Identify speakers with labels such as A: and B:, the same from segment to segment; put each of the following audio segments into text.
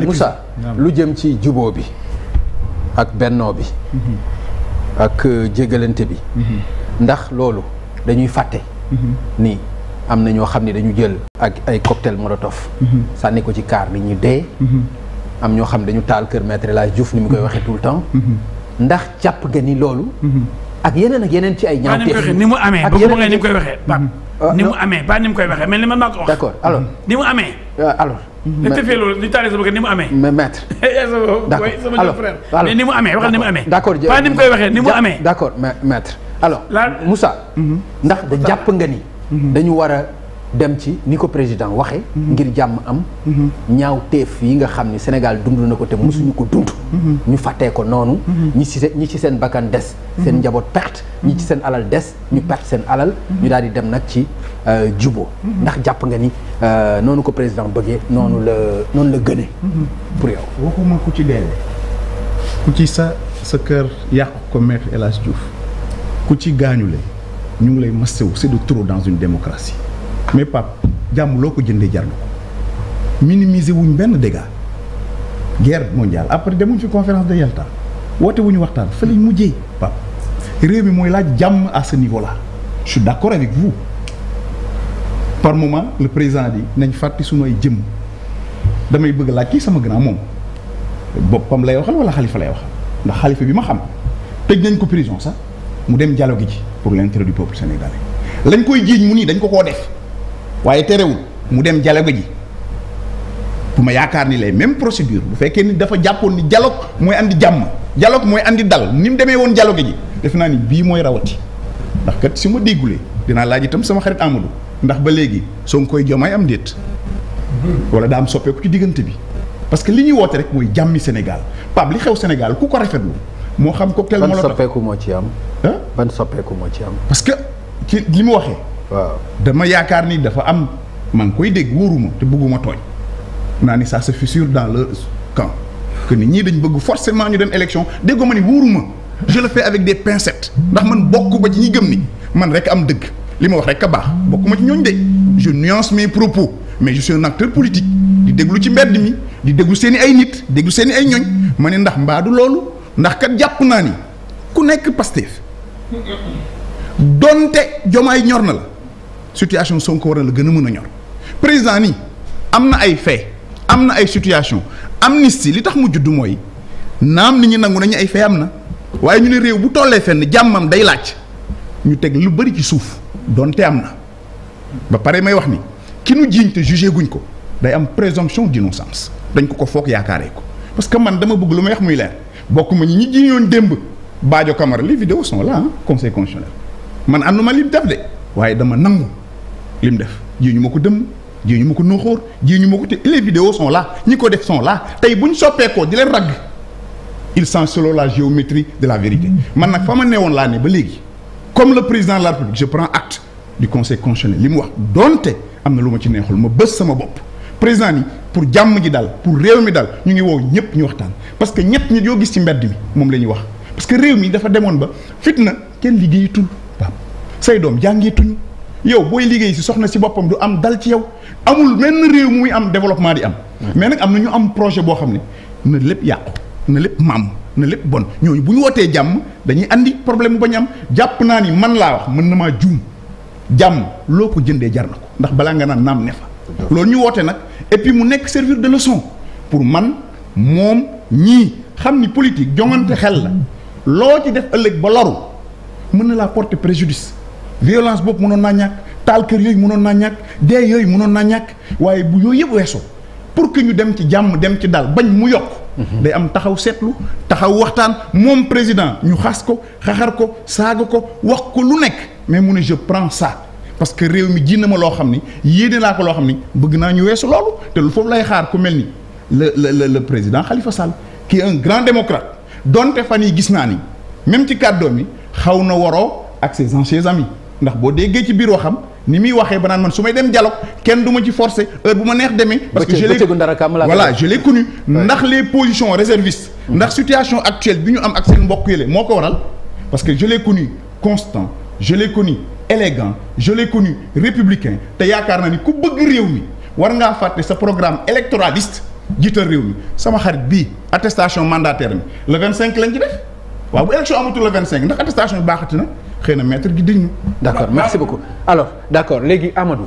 A: Moussa lu jëm ci jubo bi ak bennoo bi mm-hmm. ak euh, jégalante bi mm-hmm. ndax loolu dañuy fàtte mm-hmm. ni am na ñoo xam ne dañu jël ak ay cocktail molotov sànni ko ci kaar bi ñu dee am ñoo xam ne dañu taal kër metre laa Hadji Diouf ni mu koy waxee tout le temps ndax jàpp nga ni loolu ak yeneen ak yeneen ci ay ñaawteef ni mu amee ba mu ni mu koy waxee ni mu amee ba ni mu koy waxee mel ni man maa ko wax d'accord alors ni mu amee euh, alors mais mm-hmm. li tëfee loolu taalee sama kër ni mu amee. mais maître d' accord alors ni mu amee waxal ni mu amee. d' accord jërëjëf ni mu koy waxee ni mu amee. d' accord maître alors. Moussa. Mm-hmm. ndax da jàpp nga ni. Mm-hmm. dañu war a dem ci ni ko président waxe ngir jàmm am. ñaaw teef yi nga xam ni Sénégal dund na ko te mosuñu ko dund. ñu fàttee ko noonu. ñi ci ñi ci seen bakkan des. seen njaboot perte. ñi ci seen alal des. ñu perte seen alal. ñu daal di dem nag ci. Euh, jubo ndax jàpp nga ni euh, noonu ko président bëggee noonu la noonu la gënee
B: pour yow waxuma ku ci deewee ku ci sa sa kër yàqu ko maître El Hadj ku ci gaañule ñu ngi lay massewu c'est de trop dans une démocratie mais Pape jàmm loo ko jëndee jar na ko minimiser wuñ benn dégât guerre mondiale après demuñ fi conférence de Yalta woote wuñu waxtaan fa lañ mujjee Pape réew mi mooy laaj jàmm à ce niveau là je d'accord avec vous par moment le président di nañ fàtti suñu ay jëm damay bëgg laaj kii sama grand moom boppam lay waxal wala xalifa lay wax ndax xalifa bi ma xam tëj nañ ko prison sax mu dem dialogue ji pour l'intérêt du peuple sénégalais lañ koy jiiñ mu nii dañ ko koo def waaye terewul mu dem dialogue ji bu ma yaakaar ni les mêmes procédures bu fekkee ni dafa jàppoon ni dialogue mooy indi jàmm dialogue mooy indi dal ni mu demee woon dialogue ji def naa ni bii mooy rawati ndax kat si ma déggulee dinaa laaj itam sama xarit Amadou ndax ba léegi Sonko koy jomaay am déet wala daa am soppeeku ci diggante bi parce que li ñuy woote rek mooy jàmmi Sénégal Pape li xew Sénégal ku ko rafetlu moo xam cocktail moo la ban soppeeku moo ci am. ban soppeeku moo ci am. parce que ci li mu waxee. dama yaakaar ni dafa am maa ngi koy dégg wóoruma te bëgguma tooñ naa ni ça se fissure dans le camp que nit ñii dañ bëgg forcément ñu dem élection déggoo ma ni wóoruma je le fais avec des pincettes ndax man bokk ba ci ñi gëm ni man rek am dëgg. li ma wax rek a baax bokkuma ci ñooñ de je nuance mes propos mais je suis un acteur politique di déglu ci mbedd mi di déglu seen i ay nit déglu seen i ay ñooñ ma ne ndax mbaadu loolu ndax kat jàpp naa ni ku nekk Pastef donte jomaay ñor na la situation Sonko war na la gën a mën a ñor président nii am na ay fait am na ay situation amnistie li tax mu judd mooy naam nit ñi nangu nañu ay fait am na waaye ñu ne réew bu tollee fenn jàmmam day laaj ñu teg lu bari ci suuf donte am na ba pare may wax ni ki nu jiiñ te jugé guñ ko day am présomption d'innocence dañ ko ko foog yaakaaree ko parce que man dama bëgg lu may wax muy leer bokk ma ñi ñi jiiñoon démb Badio Camara les vidéos sont là ah conseil constitutionnel man ànduma lim def de waaye dama nangu lim def jiiñu ma ko dëmm jiiñu ma ko nooxóor jiiñu ma ko te les vidéos son la ñi ko def son la tey bu ñu soppeekoo di leen ragg il sont selon la géométrie de la vérité man nag fa ma newoon laa ne ba léegi comme le président la République je prends du conseil constitutionnel li mu wax donte am na lu ma ci neexul ma bës sama bopp président ni pour jàmm ji daal pour réew mi daal ñu ngi woo ñëpp ñu waxtaan parce que ñett ñi yoo gis ci mbedd mi moom la ñuy wax parce que réew mi dafa demoon ba fitna kenn liggéeyatul waaw jàngeetuñu yow booy liggéey si soxna si boppam du am dal ci yow amul menn réew muy am développement di am. mais nag am na ñu am projet boo xam ne na lépp yàqu na lépp maam na lépp bon ñooñu bu ñu wootee jàmm dañuy indi problème bu bañ am jàpp naa ni man laa wax mën na maa juum. jàmm loo ko jëndee jar na ko ndax balaa nga naan naam ne fa. loolu ñu woote nag et puis mu nekk servir de leçon pour man moom ñii xam ni politique jongante xel la loo ci def ëllëg ba loru mën na laa porte préjudice violence boobu mënoon naa ñàkk taal kër yooyu mënoon naa ñàkk dee yooyu mënoon naa ñàkk waaye bu yooyu yëpp weesoo pour ki ñu dem ci jàmm dem ci daal bañ mu yokk. day am taxaw seetlu taxaw waxtaan moom président ñu xas ko xaxar ko saaga ko wax ko lu nekk mais mu ne je prends ça parce que réew mi ji na ma loo xam ni yéene laa ko loo xam ni bëgg naa ñu weesu loolu te lu foofu lay xaar ku mel ni le le le président xalifa Sall qui est un grand démocrate donte fan yi gis naa ni même ci kàddoom yi xaw na waroo ak ses anciens amis ndax boo déggee ci biir waxam. ni muy waxee banaan man su may dem dialogue kenn duma ma ci forcer heure bu ma neex demee. parce que je l'ai voilà je l'ai connu. ndax les positions réservistes. Mm. ndax situation actuelle bi ñu am ak seen mbokk yële moo ko waral parce que je l'ai connu constant je l'ai connu élégant je l'ai connu républicain te yaakaar naa ni ku bëgg réew mi war ngaa fàtte sa programme électoraliste jiital réew mi sama xarit bii attestation mandataire mi le 25 lañ ci def waaw bu élection amatul le 25 ndax bi baaxati na. xëy na maître gi diñu d'accord merci beaucoup alors d'accord léegi
A: Amadou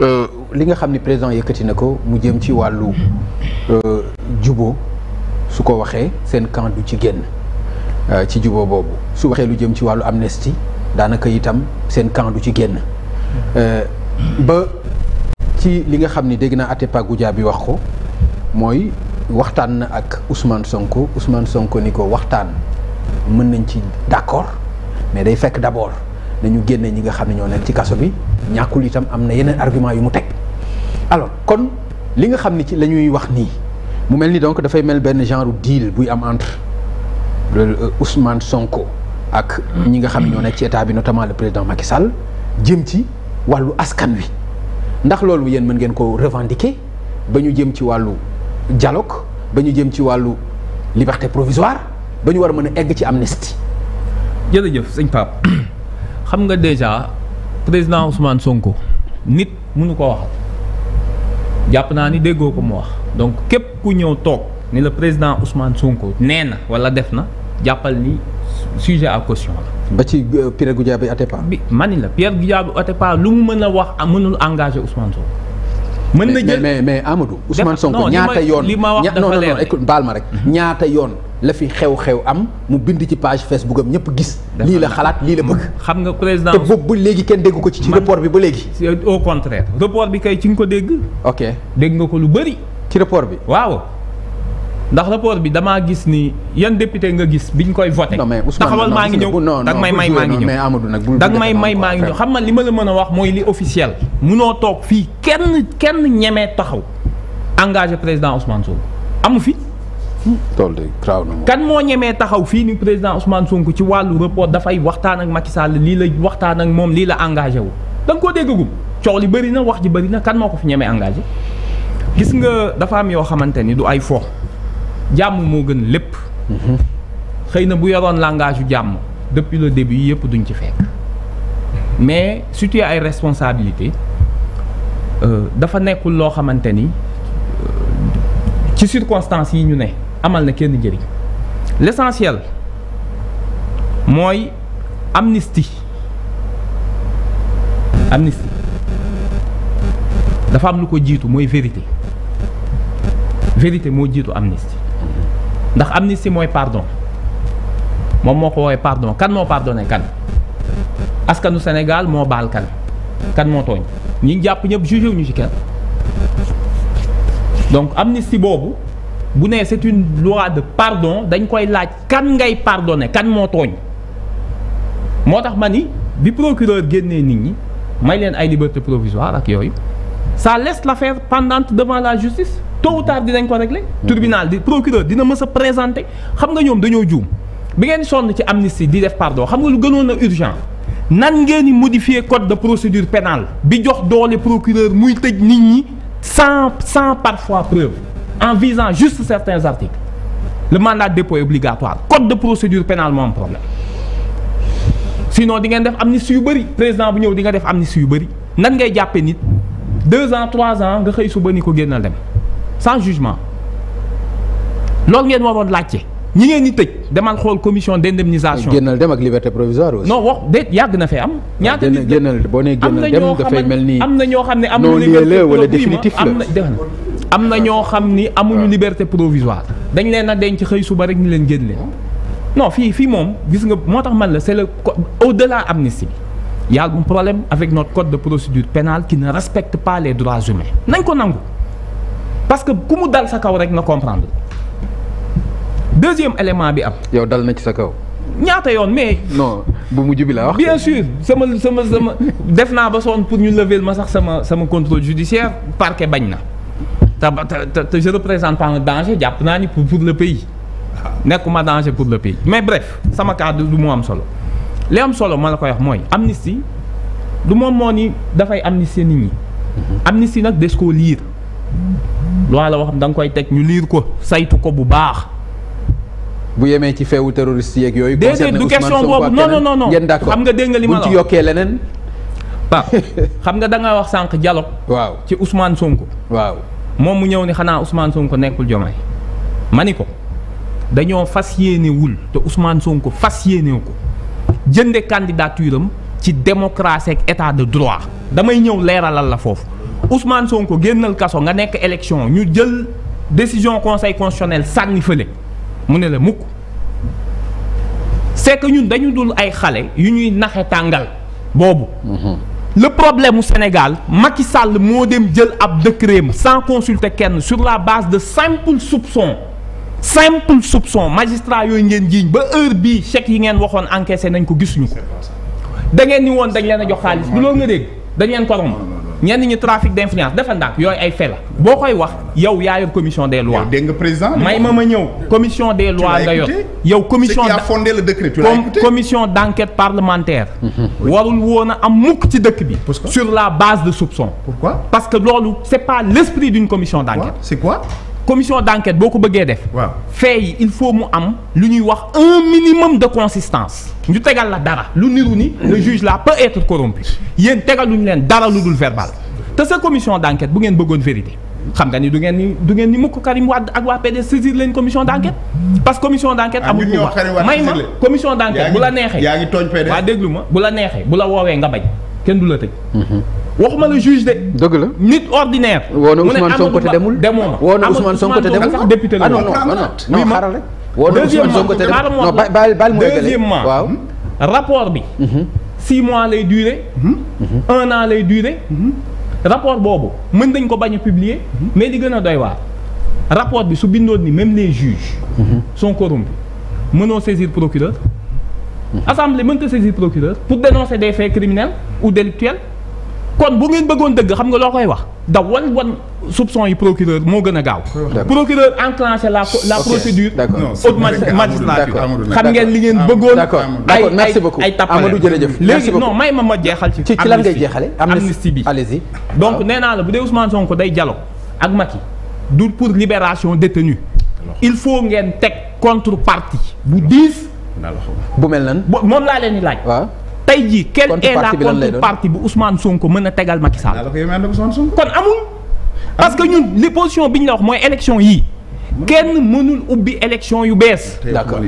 A: euh, li nga xam ni président yëkkati na ko mu jëm ci wàllu euh, jubo su ko waxee seen kandu ci génn euh, ci jubo boobu su waxee lu jëm ci wàllu amnistie daanaka itam seen kandu ci génn ba ci li nga xam ni dégg naa Atepa Goudia bi wax ko mooy waxtaan na ak Ousmane Sonko Ousmane Sonko ni ko waxtaan mën nañ ci d'accord mais day fekk d'abord dañu génne ñi nga xam ne ñoo nekk ci kaso bi ñàkkul itam am na yeneen argument yu mu teg alors kon li nga xam ni ci la ñuy wax nii mu mel ni donc dafay mel benn genre deal buy am entre euh, Ousmane Sonko ak ñi nga xam ñoo nekk ci état bi notamment le président Macky Sall jëm ci wàllu askan wi ndax loolu yéen mën ngeen ko revendiquer ba ñu jëm ci wàllu dialogue ba ñu jëm ci wàllu liberté provisoire ba ñu war a mën a egg ci amnistie
C: jërëjëf sëñ Pape xam nga déjà président Ousmane Sonko nit mënu ko waxal jàpp naa ni déggoo ko mu wax donc képp ku ñëw toog ni la président Ousmane Sonko nee na wala def na jàppal ni sujet à caution la. ba ci euh, Pierre Goudiaby Atepa. bi ma ni la Pierre Goudiaby Atepa lu mu mën a wax mënul engagé Ousmane Sonko. mën na jël mais mais Amadou Ousmane Sonko ñaata yoon li ma wax
A: dafa leer non non baal ma rek mm-hmm. ñaata yoon la fi xew-xew am mu bind ci page Facebook am
C: ñëpp gis. lii la xalaat lii la bëgg. Mm-hmm. xam nga président te boobu ba léegi kenn dégg ko ci ci report bi ba léegi. au contraire report bi kay ci nga ko dégg. ok dégg nga ko lu bëri. ci report bi waaw. ndax rapport bi damaa gis ni yan député nga gis bi ñu koy voté. non mais taxawal maa ngi ñëw danga may may maa ngi ñëw mais Amadou nag bul danga may may maa ngi ñëw xam nga li ma la mën a wax mooy li mu noo toog fii kenn kenn ñemee taxaw engagé président Ousmane Sonko amu fi. tool kan moo ñemee taxaw fii ni président Ousmane Sonko ci wàllu rapport dafay waxtaan ak Macky Sall lii la waxtaan ak moom lii la engagé wu. da koo déggagum coow li bëri na wax ji bëri na kan moo ko fi ñemee engagé gis nga dafa am yoo xamante ni du ay fo jàmm moo gën lépp. xëy na bu yoroon langage yu jàmm depuis le début yëpp duñ ci fekk mais si ay responsabilité euh, dafa nekkul loo xamante ni euh, ci circonstances yi ñu ne amal na kenn njëriñ l'essentiel mooy amnistie amnistie dafa am lu ko jiitu mooy vérité vérité moo jiitu amnistie. ndax amnistie mooy pardon moom moo ko woowee pardon kan moo pardonné kan askanu Sénégal moo baal kan kan moo tooñ ñi ñu jàpp ñëpp jugé ñu ci kenn donc amnistie boobu bu nee c'est une loi de pardon dañ koy laaj kan ngay pardonné kan moo tooñ moo tax ma ni bi procureur génnee nit ñi may leen ay liberté provisoire ak yooyu ça laisse l'affaire pendante devant la justice tôt ou tard dinañ ko régler tribunal di procureur dina mës a présenter xam nga ñoom dañoo juum bi ngeen sonn ci amnistie di def pardon xam nga lu gënoon a urgent nan ngeen di modifier code de procédure pénale bi jox doole procureur muy tëj nit ñi cent sans parfois preuve en visant juste certains articles le mandat de dépôt est obligatoire code de procédure pénale moo am problème sinon di ngeen def amnistie yu bëri président bu ñëw di nga def amnistie yu bëri nan jàppee nit. deux ans trois ans nga xëy suba ni ko génnal dem sans jugement loolu ngeen waroon laajte ñi ngeen di tëj demal xool commission d'indemnisation. génnal dem ak liberté provisoire aussi. non wax déet yàgg na fee am. ñaata nit génnal boo nee génnal dem dafay mel ni am na ñoo xam ne am na liberté wala définitif la am na ñoo xam ni amuñu liberté provisoire. dañ leen a denc xëy suba rek ñu leen génn leen non fii fii moom gis nga moo tax man la c'est le au-delà amnistie si y a un problème avec notre code de procédure pénale qui ne respecte pas les droits humains nañ ko nangu parce que ku mu dal sa kaw rek nga comprendre deuxième élément bi am. yow dal na ci sa kaw. ñaata yoon mais. non bu mujj bi laa wax. bien sûr sama sama sama def naa ba sonn pour ñu lever ma sax sama sama contrôle judiciaire parquet bañ na te te je représente pas un danger jàpp naa ni pour pour le pays ma danger pour le pays mais bref sama cas du mu am solo. li am solo ma la koy wax mooy amnistie du moom moo ni dafay amnistier nit ñi mhm. amnistie nag des koo liir loi la wax da nga koy teg ñu liir ko saytu ko bu baax.
A: bu yemee ci feewu terroriste
C: yeeg yooyu. déedéet du question
A: boobu non non non non ngeen d'accord xam nga dégg nga ma
C: la xam nga da wax sànq dialogue. waaw ci usmaan Sonko. waaw moom mu ñëw ni xanaa Ousmane Sonko nekkul Diomaye ma ni ko dañoo fas yéene wul te Ousmane Sonko fas yéene ko. jënde candidature am ci démocratie état de droit damay ñëw leeralal la foofu Ousmane Sonko génnal kaso nga nekk élection ñu jël décision conseil constitutionnel sànni fële mu ne la mukk c'est que ñun dañu dul ay xale yu ñuy naxe tàngal boobu. Mhm. le problème mu Sénégal Macky Sall moo dem jël ab décret sans consulter kenn sur la base de simples soupçons. simple soupçon magistrat yooyu ngeen jiiñ ba heure bii chèque yi ngeen waxoon encaissé nañ ko gisuñu ko da ngeen ni woon dañ leen a jox xaalis du loolu nga dégg dañ leen ko romb ñenn ñi trafic d' defal ndànk yooyu ay fe la boo koy wax yow yaa yor commission des lois. dégg président may ma ma ñëw. commission des lois nga yor yow commission. qui a fondé le commission d' parlementaire. warul woon a am mukk ci dëkk bi. sur la base de soupçon. parce que loolu c' est pas l' esprit d' une commission d' enquête. commission d'enquête boo ko bëggee def. waaw fee yi il faut mu am lu ñuy wax un minimum de consistance. ñu tegal la dara lu niru ni le juge là peut être corrompu yéen tegaluñu leen dara lu dul verbal te sa commission d'enquête bu ngeen bëggoon vérité xam nga ni du ngeen ni du ngeen ni mukk Karim Wade ak waa PDS saisir leen commission d'enquête parce que commission d'enquête ah, amul ñu wax may ma commission d'enquête bu la neexee yaa ngi tooñ waa déglu ma bu la neexee bu la woowee nga bañ kenn du la tëj. Mm-hmm. waxuma la juge de. dëgg la nit ordinaire. woo na Ousmane Sonko te demul demoo woo na Ousmane Sonko te demul sax député la ah non non te demul non rapport bi. Mhm. six mois lay durer. Mhm. un an lay durer. Mhm. rapport boobu mën dañ ko bañ a publier. mais di gën a doy waar. rapport bi su bindoon ni même les juges. sont corrompus mënoo saisir procureur. assemblée mën ko saisir procureur pour dénoncer des faits criminels ou délictuels. kon bu ngeen bëggoon dëgg xam nga loo koy wax da wan wan soupçon yi procureur moo gën a gaaw. procureur enclenché la la procédure. haute magistrature xam ngeen li ngeen bëggoon. ay merci beaucoup ay tappale Amadou jërëjëf. léegi non may ma ma jeexal ci. ci ci lan jeexale amnistie bi allez-y donc nee naa la bu dee Ousmane Sonko day dialogue ak Macky du pour libération détenu il faut ngeen teg contrepartie bu diis. bu mel nan moom laa leen di laaj. tey jii quelle est la contrepartie bu Ousmane Sonko mën a tegal Macky Sall ah, kon amul parce que ñun les positions bi ñu la wax mooy élection yi kenn mënul ubbi élection yu bees d'accord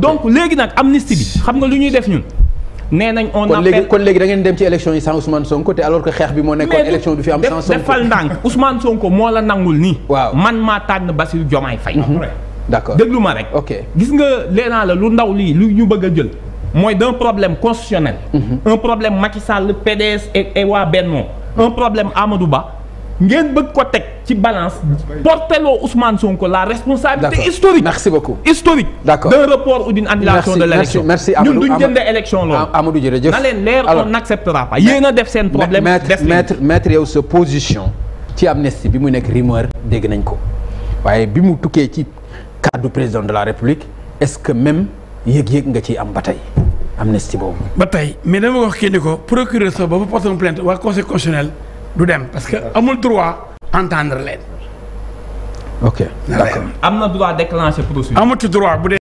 C: donc léegi nag am amnistie bi xam nga lu ñuy def ñun nee nañ on appelle kon léegi kon
A: léegi da ngeen dem ci élection yi sans Ousmane Sonko te alors que xeex bi moo nekkoon élection du fi am sans Sonko defal ndànk
C: Ousmane Sonko moo la nangul nii. waaw man maa tànn Bassirou Diomaye Faye. Mhm. d'accord déglu ma rek. ok gis nga leenaa la lu ndaw lii lu ñu bëgg a jël. mooy d'un problème constitutionnel. Mhm. un problème Macky Sall PDS problème Amadou Ba ngeen bëgg ko teg ci balance porteloo Ousmane Sonko la responsabilité historique merci beaucoup historique d'accord d'un report ou d'une annulation de l'élection merci ñun duñ jënde élection loolu Amadou na leen leer on n'acceptera pas yéen def seen problème maître
A: maître yow sa position ci amnistie bi mu nekk rumeur dégg nañ ko waaye bi mu tukkee ci cadre président de la République est-ce que même yëg-yëg nga ciy am ba tey amnistie boobu. ba tey mais dama wax kii ko procureur sax ba fa porté une plainte waa conseil
B: du dem parce que amul droit entendre leen.
C: ok d'accord am na droit déclencher procédure.
B: amatu droit bu dee.